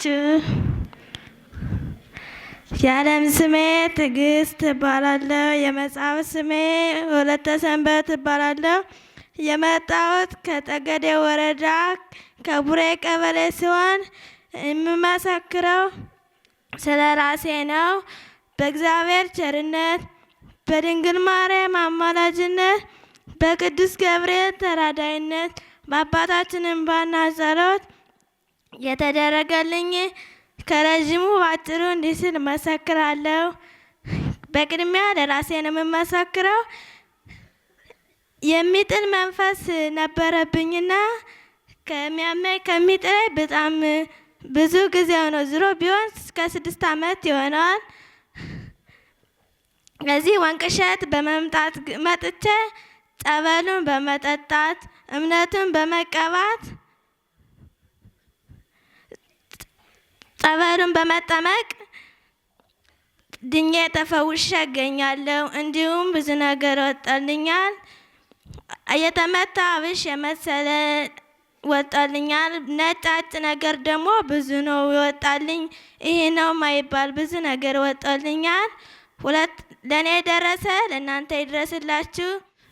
ናችሁ? የዓለም ስሜ ትዕግስት እባላለሁ። የመጽሐፍ ስሜ ወለተ ሰንበት እባላለሁ። የመጣሁት ከጠገዴ ወረዳ ከቡሬ ቀበሌ ሲሆን የምመሰክረው ስለ ራሴ ነው። በእግዚአብሔር ቸርነት፣ በድንግል ማርያም አማላጅነት፣ በቅዱስ ገብርኤል ተራዳይነት፣ በአባታችን እንባና ጸሎት የተደረገልኝ ከረዥሙ ባጭሩ እንዲህ ስል መሰክራለሁ። በቅድሚያ ለራሴ ነው የምመሰክረው። የሚጥል መንፈስ ነበረብኝና ከሚያመኝ ከሚጥለኝ በጣም ብዙ ጊዜ ነው። ዝሮ ቢሆን እስከ ስድስት ዓመት ይሆነዋል። ከዚህ ወንቅሸት በመምጣት መጥቼ ጸበሉን በመጠጣት እምነቱን በመቀባት ጠበሉን በመጠመቅ ድኛ የተፈውሸ ያገኛለሁ። እንዲሁም ብዙ ነገር ወጣልኛል። የተመታ አብሽ የመሰለ ወጣልኛል። ነጫጭ ነገር ደግሞ ብዙ ነው ይወጣልኝ። ይህ ነው ማይባል ብዙ ነገር ወጣልኛል። ሁለት ለእኔ ደረሰ፣ ለእናንተ ይድረስላችሁ።